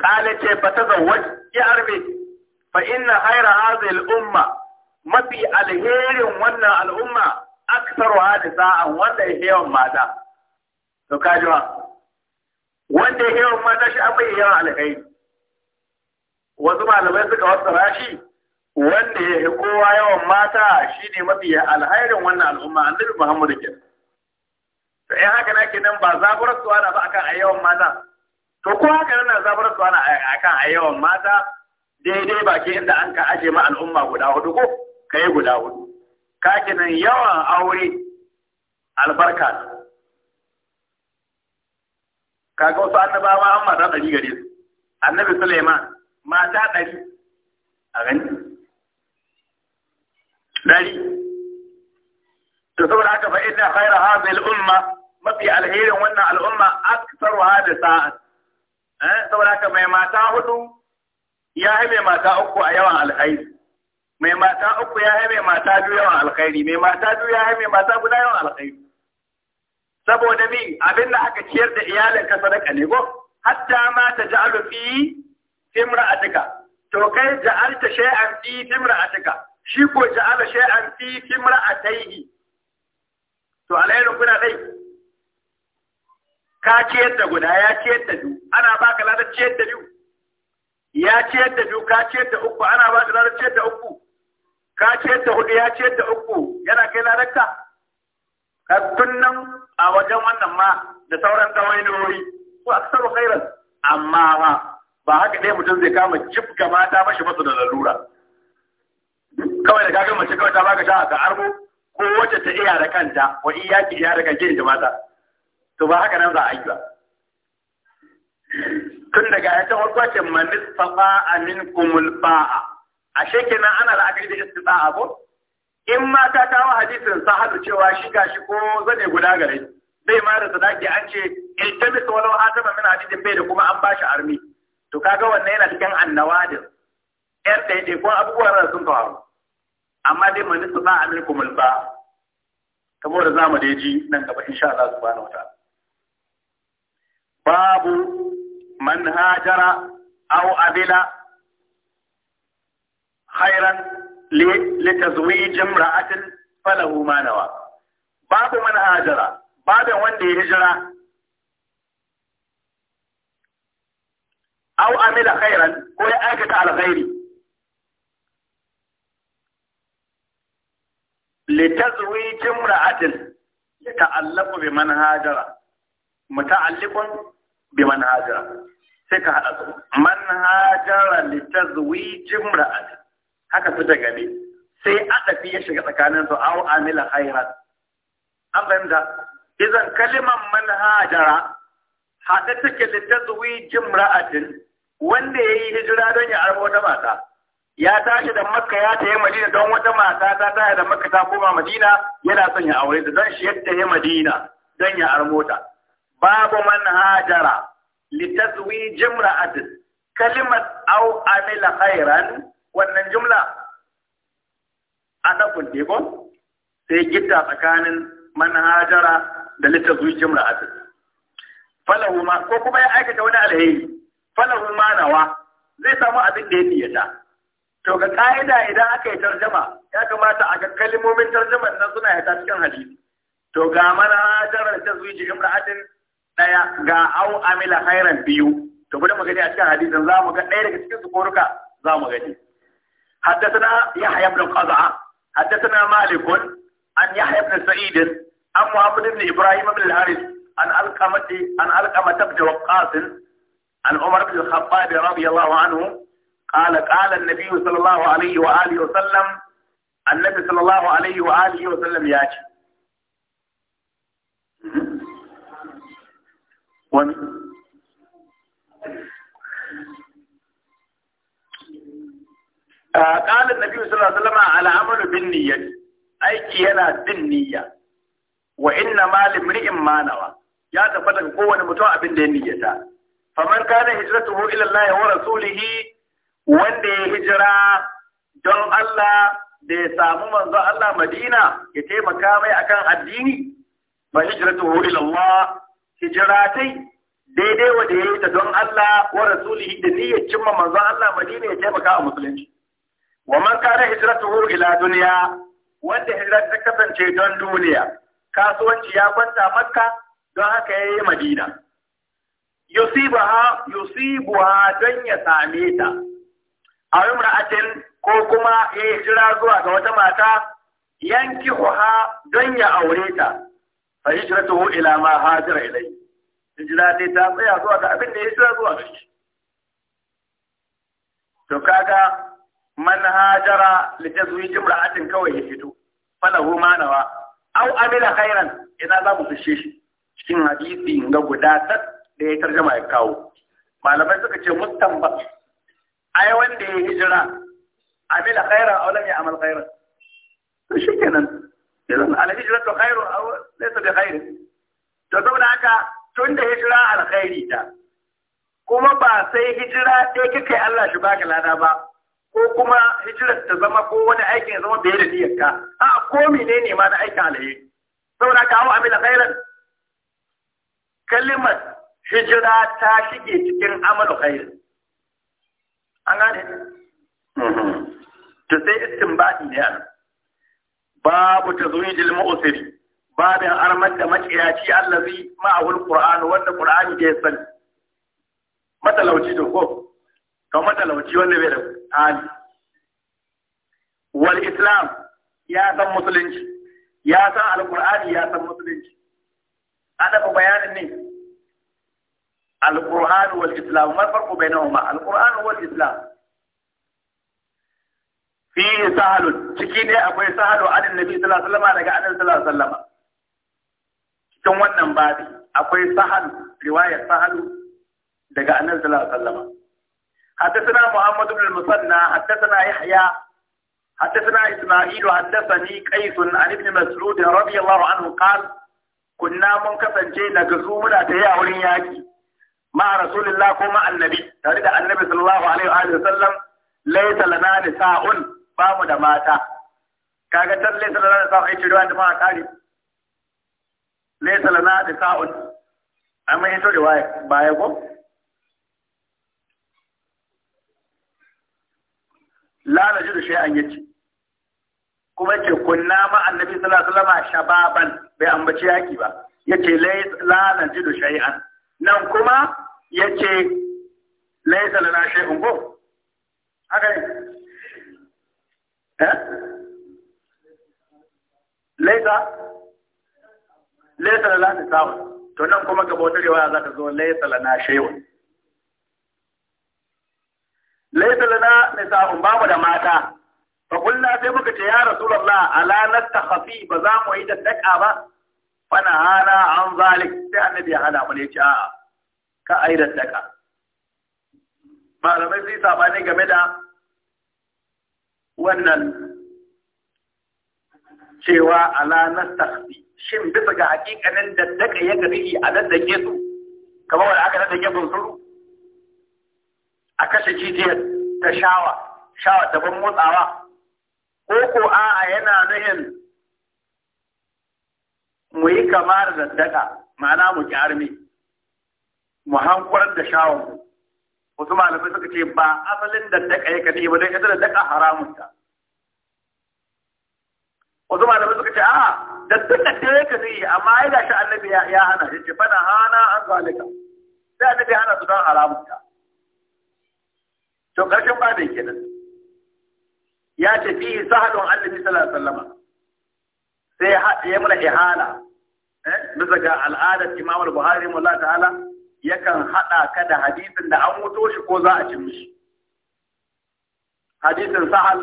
kala ce fa tazawwaj ki arbe fa inna khayra hadhihi mafi alherin wannan al'umma aksaru hadisa wanda ya yawan mata to kaji ba wanda ya yawan mata shi akwai yawan alheri wasu malamai suka fassara shi wanda ya yi kowa yawan mata shi ne mafi alhairin wannan al'umma annabi muhammadu ke to in haka na kenan ba zaburar suwa na ba akan a yawan mata to ko haka nan zabar su ana akan a yawan mata daidai baki inda an ka aje ma al'umma guda hudu ko kai guda hudu kake nan yawan aure albarka kaga wasu annabawa an mata ɗari gare su annabi Suleiman mata ɗari a gani ɗari to saboda haka fa inna khaira hadhihi al-umma mafi alherin wannan al'umma aktsaru hada sa'a. Eh, saboda haka mai mata hudu ya yi mai mata uku a yawan alkhairi mai mata uku ya yi mai mata biyu yawan alkhairi mai mata biyu ya yi mai mata guda yawan alkhairi saboda mi abin da aka ciyar da iyalin ka sadaka ne ko hatta ma ta ja'alu fi timra'atika to kai ja'alta shay'an fi timra'atika shi ko ja'ala shay'an fi timra'ataihi to alaihi kuna dai ka ciyar da guda ya ciyar da biyu ana ka ladar ciyar da biyu ya ciyar da biyu ka ciyar da uku ana ka ladar ciyar da uku ka ciyar da hudu ya ciyar da uku yana kai ladar ka tun a wajen wannan ma da sauran kawai ko a kasar khairan amma ma ba haka ɗaya mutum zai kama ga mata mashi masu da lalura kawai da ka gama mace kawai ta baka sha'a ka armo ko wacce ta iya da kanta wa ki iya da kanke da mata to ba haka nan za a yi ba tun daga ya ta hukwacin manis fafa amin kumul baa. A kenan ana la'akari da ba'a ko in ma ta kawo hadisin hadu cewa shi ga shi, ko zane guda gare bai ma da sadaki an ce ta wani walau atama min hadisin bai da kuma an ba shi armi to kaga wannan yana cikin annawadin yan ɗaiɗe ko abubuwan da sun faru amma dai manis a min kumul ba'a. kamar da zamu dai ji nan gaba insha Allah subhanahu wa ta'ala babu man hajara aw abila khairan li tazwij imra'atin falahu ma nawa babu man babu wanda ya jira. aw amila khairan ko ya aikata alkhairi لتزويج امرأة يتعلق بمن هاجر متعلق bi hajara sai ka haɗa su man hajara li tazwijin haka su daga ne sai adafi ya shiga tsakanin su aw amila khairan an fahimta idan kalimar man hajara haɗe take li tazwijin ra'atin wanda ya yi hijira don ya arba wata mata ya tashi da makka ya tafi madina don wata mata ta tashi da makka ta koma madina yana son ya aure ta don shi ya ya madina don ya armo ta babu من هاجر لتزويج imra'atin kalimat aw عمل خيرا wannan jumla adafun ko sai gitta tsakanin man da litazwij imra'atin falahu ko kuma ya aikata wani نوا falahu ma nawa zai samo abin ya to ga ka'ida idan aka yi tarjama ya kamata a ga kalmomin tarjaman nan suna yata cikin hadisi to ga mana hajarar tazwiji imra'atin daya ga au amila khairan biyu to bari mu gani a cikin hadisin za mu ga ɗaya daga cikin sukuruka za mu gani حدثنا يحيى بن قزعة حدثنا مالك عن يحيى بن سعيد عن محمد بن إبراهيم بن الحارث عن ألقمة عن ألقمة بن وقاص عن عمر بن الخطاب رضي الله عنه قال قال النبي صلى الله عليه وآله وسلم النبي صلى الله عليه وآله وسلم ياتي wani Nabi النبي صلى الله عليه aiki yana bin niyya wa inna ma limri'in ma nawa ya tafata ga kowane mutum abin da ya niyata, faman kana hijratuhu ila Allah wa rasulihi wanda ya hijira don Allah da ya samu manzo Allah Madina ya taimaka mai akan addini fa hijratuhu ila Allah hijiratai daidai da ya yi ta don Allah wa rasulihi da niyyar cimma manzon Allah Madina ya taimaka a musulunci wa man kana hijratuhu ila duniya wanda hijira ta kasance don duniya kasuwanci ya kwanta Makka don haka ya yi Madina yusibaha yusibuha don ya same ta a ko kuma ya hijira zuwa ga wata mata yankihuha don ya aure ta fa hijratuhu ila ma hajara ilayhi hijira ne ta tsaya zuwa ga abin da ya hijira zuwa gare shi to kaga man hajara li tazwij imra'atin kawai ya fito falahu ma nawa aw amila khairan idan za mu fishe shi cikin hadisi ga guda da ya tarjama ya kawo malamai suka ce mustamba ai wanda ya hijira amila khairan aw lam ya'mal khairan to shikenan alhijratu khairu aw laysa bi khair to saboda haka tun da hijira alkhairi ta kuma ba sai hijira ɗaya kika yi Allah shi baka lada ba ko kuma hijirar ta zama ko wani aikin ya zama bai da niyyarka a ko menene ma na aikin alheri saboda ka awu amila khairan kalimar hijira ta shige cikin amalu khairin an gane mm-hmm. to sai istinbadi ne a nan babu tazwijil mu'siri babin armar da maciyaci allazi ma'ahul qur'an wanda qur'ani ke sani matalauci to ko to matalauci wanda bai da hali wal islam ya san musulunci ya san alqur'ani ya san musulunci ana bayanin ne islam, والإسلام ما الفرق ma. alqur'an Wal islam. fihi sahalun ciki ne akwai sahalu anin nabi sallallahu alaihi wasallam daga anin sallallahu cikin wannan babi akwai sahalu riwayar sahalu daga na sallallahu alaihi na حدثنا محمد بن المثنى حدثنا يحيى حدثنا اسماعيل حدثني قيس عن ابن مسعود رضي الله عنه قال كنا منكسن جينا كزومنا تيا ولين مع رسول الله كما النبي تريد النبي صلى الله عليه واله وسلم ليس لنا نساء ba mu da mata kaga tan laysa lana da sa'un ce riwaya ma kare laysa lana da sa'un amma ito riwaya baya ko la shi an yace kuma ke kunna ma annabi sallallahu alaihi wasallam shababan bai ambaci yaki ba yace la najidu shay'an nan kuma yace laysa lana shay'un ko haka ne Eh? laisa laisa la lana samu. to nan kuma gaba wata riwaya za ta zo laisa lana shewa laisa lana nisa'un babu da mata fa kulna sai muka ce ya rasulullah ala nastakhafi ba za mu yi da daka ba fa hana an zalik sai annabi ya hana mu ne ce a'a ka da daka malamai sai sabani game da wannan cewa ala nastahbi shin bisa ga hakikanin da daga ya gari a nan ke su kamar wanda aka daddake bunsuru a kashe jijiyar ta shawa shawa ta ban motsawa ko ko a'a yana nuhin mu yi kamar da daddaka ma'ana mu kyarmi mu hankurar da shawon wasu malamai suka ce ba asalin da daddaka ya kaɗe ba don ita daddaka haramun ta wasu malamai suka ce a daddaka ta ya kaɗe amma ya gashi annabi ya hana ya ce fana hana an zalika sai annabi ya hana su don haramun ta to karshen ba da nan. ya ce fi sahadun annabi sallallahu alaihi wasallam sai ya mana ihala eh, bisa ga al'adar imam al-buhari mullah ta'ala yakan haɗa ka da hadisin da an wuto shi ko za a ci mishi hadisin sahal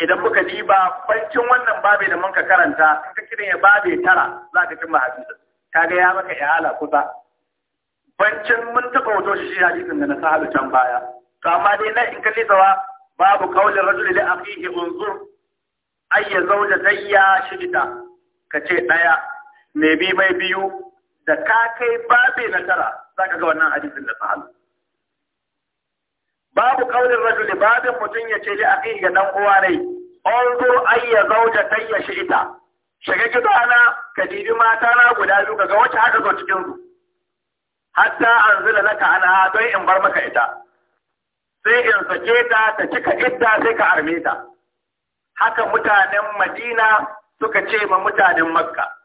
idan muka diba bancin wannan babe da muka karanta ka kiran ya babe tara za ka cimma hadisin kaga ya maka ihala kusa bancin mun taɓa wuto shi hadisin da na sahal can baya to amma dai na in kalli zawa babu kaulin rajul li akhihi unzur ayya zawjatayya shidda kace ɗaya. me bi mai biyu da ka kai babe na tara za ka ga wannan hadisin da sahalu babu kaulin rajul babin mutum ya ce li akhihi ga dan uwa ne anzur ayya zawjatay ya shi'ita shiga gidana ka dibi mata na guda biyu ga wacce haka zo cikin su hatta anzila laka ana don in bar maka ita sai in sake ta ta cika ita sai ka arme ta haka mutanen madina suka ce ma mutanen makka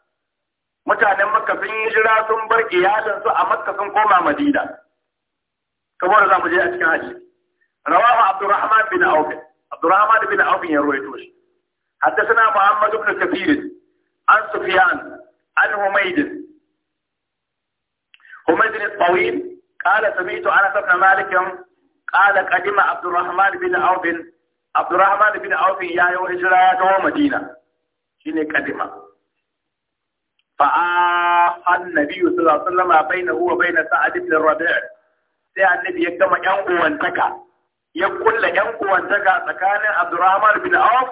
mutanen makka sun yi jira sun bar su a makka sun koma madina kamar za mu je a cikin haji rawahu abdurrahman bin auf abdurrahman bin auf ya ruwaito shi حدثنا محمد بن كثير عن سفيان عن حميد حميد الطويل قال سمعت انس بن مالك قال قدم عبد الرحمن بن عوف عبد الرحمن بن عوف يا يوم هجرة مدينة شنو قدمه فآخى النبي صلى الله عليه وسلم بينه وبين سعد بن الربيع سي النبي يكتم ينقو وانتكا يقول ينقو وانتكا سكان عبد الرحمن بن عوف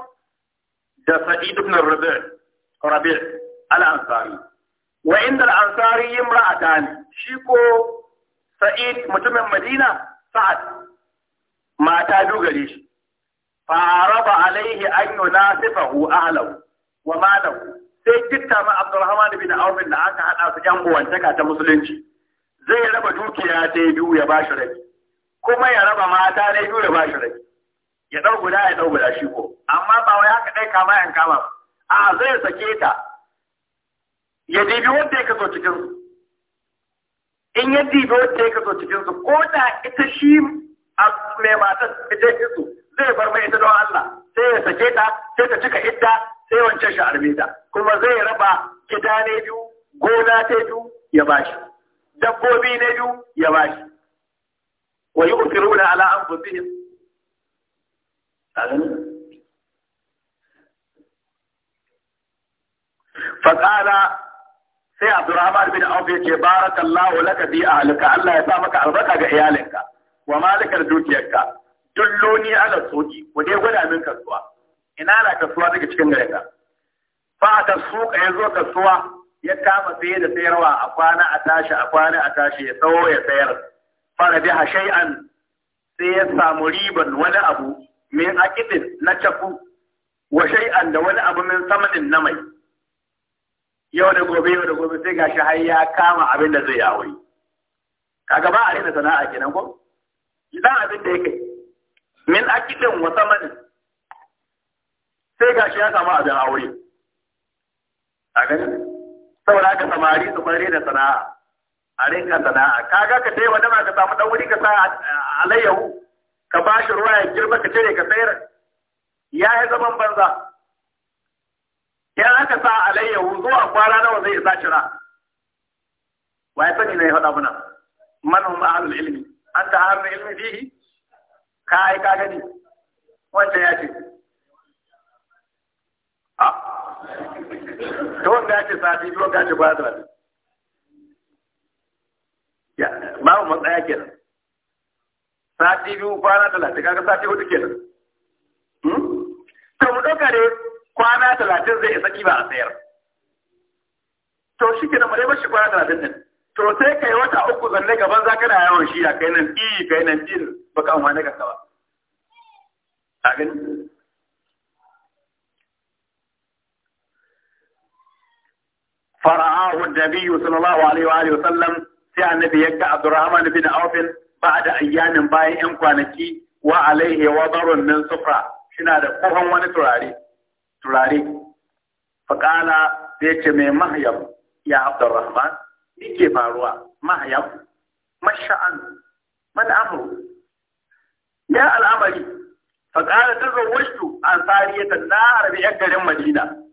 ده سعيد بن الربيع ربيع الأنصاري وان الأنصاري يمرأ داني شيكو سعيد متم مدينة سعد ما تاجو قليش فعرض عليه أن ينافقه أهله وماله sai gitta ma Abdulrahman bin Auf da aka hada su yan uwantaka ta musulunci zai raba dukiya ta biyu ya bashi rai. kuma ya raba mata ne biyu ya bashi rai. ya dau guda ya dau guda shi ko amma ba wai haka dai kama yan kama a zai sake ta ya dibi wanda ya kaso cikin su in ya dibi wanda ya kaso cikin su ko da ita shi mai matar ita su zai bar mai ita don Allah sai ya sake ta sai ta cika idda sai wancan shi a ta kuma zai raba gida ne biyu gona ta biyu ya bashi dabbobi ne biyu ya bashi wa yu'thiruna ala anfusihim فقال sai Abdurrahman bin Auf ya ce barakallahu laka bi ahlika Allah ya sa maka albarka ga iyalinka wa malikar dukiyarka dulluni ala soji ku dai gwada min kasuwa ina da kasuwa daga cikin gare Ba fa a kasuwa ya zo kasuwa ya kama saye da sayarwa a kwana a tashi a kwana a tashi ya tsawo ya sayar fara biha shay'an sai ya samu riban wani abu min akidin na cafu wa shay'an da wani abu min samadin na mai yau da gobe yau da gobe sai gashi har ya kama abin da zai yawo kaga ba a rena sana'a kenan ko idan abin da yake min akidin wa samadin sai ga shi ya samu abin aure a gani saboda aka samari su bare da sana'a a rinka sana'a ga ka sai wanda ka samu ɗan wuri ka sa alayyahu ka ba shi ruwa ya girma ka cire ka sayar ya yi zaman banza ya aka sa alayyahu zuwa kwara nawa zai isa shira. wa ya sani na ya faɗa muna man hum ahlul ilmi anta ahlul ilmi fihi ka ai ka gani wanda ya ce ta wanda ake safi biyu wanda ake ba da babu matsaya kenan sati biyu kwana talatin kaga sati hudu kenan hmm? to mu ɗauka ne kwana talatin zai isa kiba a sayar to shi kenan mu dai bashi kwana talatin din to sai kai wata uku zanne gaban za kana yawan shi a kai nan i kai nan din baka amfani ka ba a gani فرآه النبي صلى الله عليه وآله وسلم سي النبي يكا عبد الرحمن بن عوف بعد أيام باي إمكانكي وعليه وضر من صفرة شنا ده كوهن وني تراري تراري فقال ديك مي مهيب يا عبد الرحمن ديك فاروا مهيب ما الشأن ما الأمر يا الأمري فقال تزوجت أنصارية النار بأكل المدينة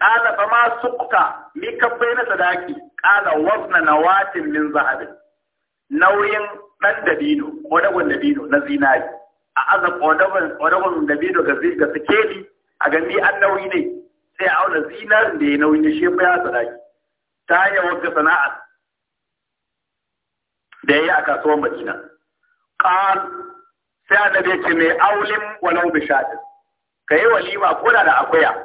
Ƙala ba ma suka mi kabbai na sadaki, ƙala wasna na watin min zahabin. Nauyin ɗan dabino, ƙodagon dabino na zinari. A aza ƙodagon dabino ga sikeli, a gani an nauyi ne, sai a auna zinarin da ya nauyi ne shi ya sadaki. Ta hanyar wagga sana'ar da ya yi a kasuwar Madina. Ƙal sai da ya ce mai aulin walau bishadin. Ka yi walima ko da da akuya.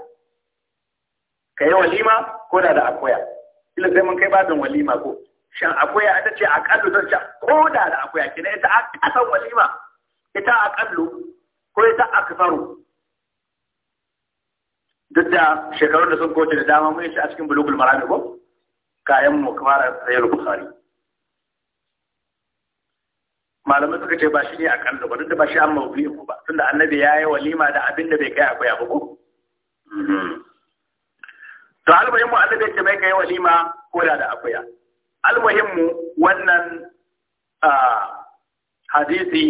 ka yi walima ko da da akwaya ila sai mun kai babin walima ko shan akwaya ita ce aƙallu don sha ko da da akwaya kina ita a kasan walima ita kallo ko ita aksaru duk da shekarun da sun koce da dama mun yi shi a cikin bulugul marami ko kayan mu kamar sayar bukhari malamai suka ce ba shi ne a kallo ba duk da ba shi an mawdu'i ba tunda annabi ya yi walima da abin da bai kai akwaya ba ko mm-hmm. to almuhimmu annabi ce ka yi walima ko da da akuya almuhimmu wannan hadisi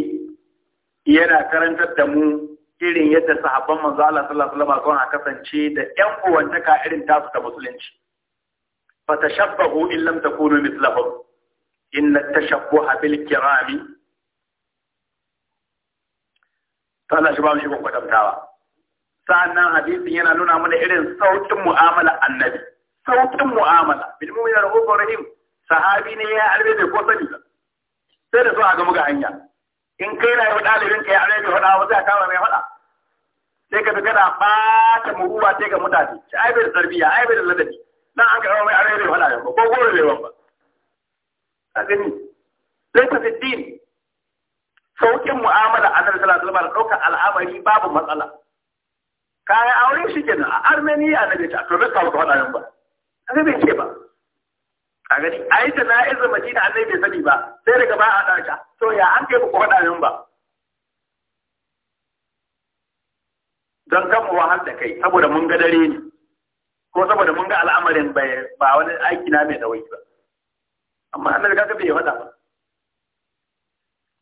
yana karantar da mu irin yadda sahabban manzo Allah sallallahu alaihi wasallam sun kasance da ƴan uwantaka irin tasu ta musulunci fa tashabbahu in lam takunu mithlahum inna tashabbuha bil kirami Allah shi ba mu shi kwatantawa sa'annan hadisin yana nuna mana irin saukin mu'amala annabi saukin mu'amala bil ya rahufur rahim sahabi ne ya arbe bai ko sani ba sai da so a ga muga hanya in kai na yau dalibin ka ya arbe bai hada wata kama mai hada sai ka tafi da bata muhuwa sai ga mutane ci ai bai da tarbiyya ai bai da ladabi dan an karɓa mai arbe bai hada ba ko gore bai ba a gani sai fi fitin saukin mu'amala annabi sallallahu alaihi wasallam da ɗaukar al'amari babu matsala kayan aure shi kenan a armeniya na bai ta to bai kawo ka faɗa ba kaga bai ce ba a gani a yi ta zama madina annai bai sani ba sai daga ba a ɗarka to ya an kai kawo ɗayan ba don kan mu wahal da kai saboda mun ga dare ne ko saboda mun ga al'amarin ba wani aiki na mai dawai ba amma annabi kaga bai faɗa ba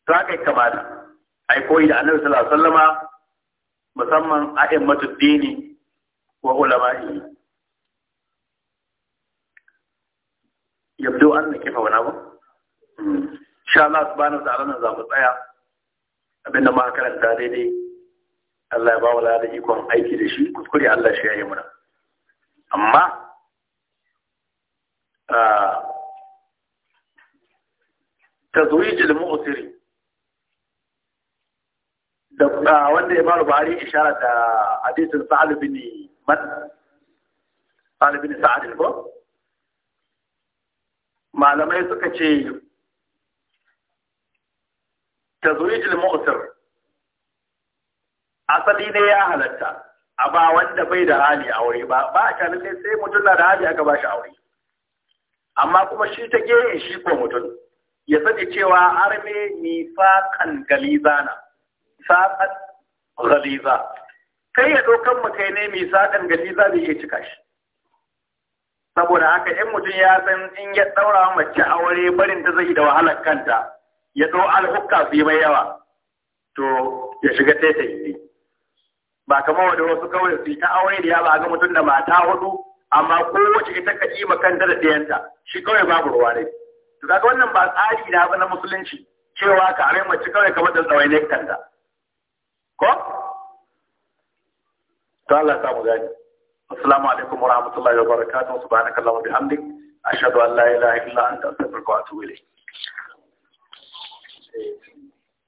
to haka ya kamata ai koyi da annabi sallallahu alaihi wasallama musamman a'immatu Matudini wa ulama'i yabdo an na kifa wani abu hmm. sha Allah su wa tsara nan za tsaya abinda ma karanta daidai Allah ya ba wala da ikon aiki da shi kuskure Allah shi ya yi muna amma ah, tazwijil mu'siri da wanda ya faru bari ishara da hadisin sa'ad bin man sa'ad ko malamai suka ce tazwijil motar. asali ne ya halatta a ba wanda bai da hali aure ba ba a ne sai mutum na da hali aka ba shi aure amma kuma shi ta gehen shi ko mutum ya sani cewa arme nifakan galizana saƙan galiza kai ya ɗaukan mu kai ne mai saƙan galiza da iya cika shi saboda haka in mutum ya san in ya ɗaura mace aure barin ta zai da wahalar kanta ya ɗau alhukka su yi mai yawa to ya shiga ta yi ba kamar wanda wasu kawai su yi ta aure da ya ba ga mutum da mata hudu amma kowace ita ka kima kanta da ɗayanta shi kawai babu ruwa ne to kaga wannan ba tsari na ba na musulunci cewa ka are mace kawai kamar da tsawai ne kanta ko to Allah ta mu gani assalamu alaikum wa rahmatullahi wa barakatuh subhanakallahumma bihamdik ashhadu an la ilaha illa anta astaghfiruka wa atubu ilayk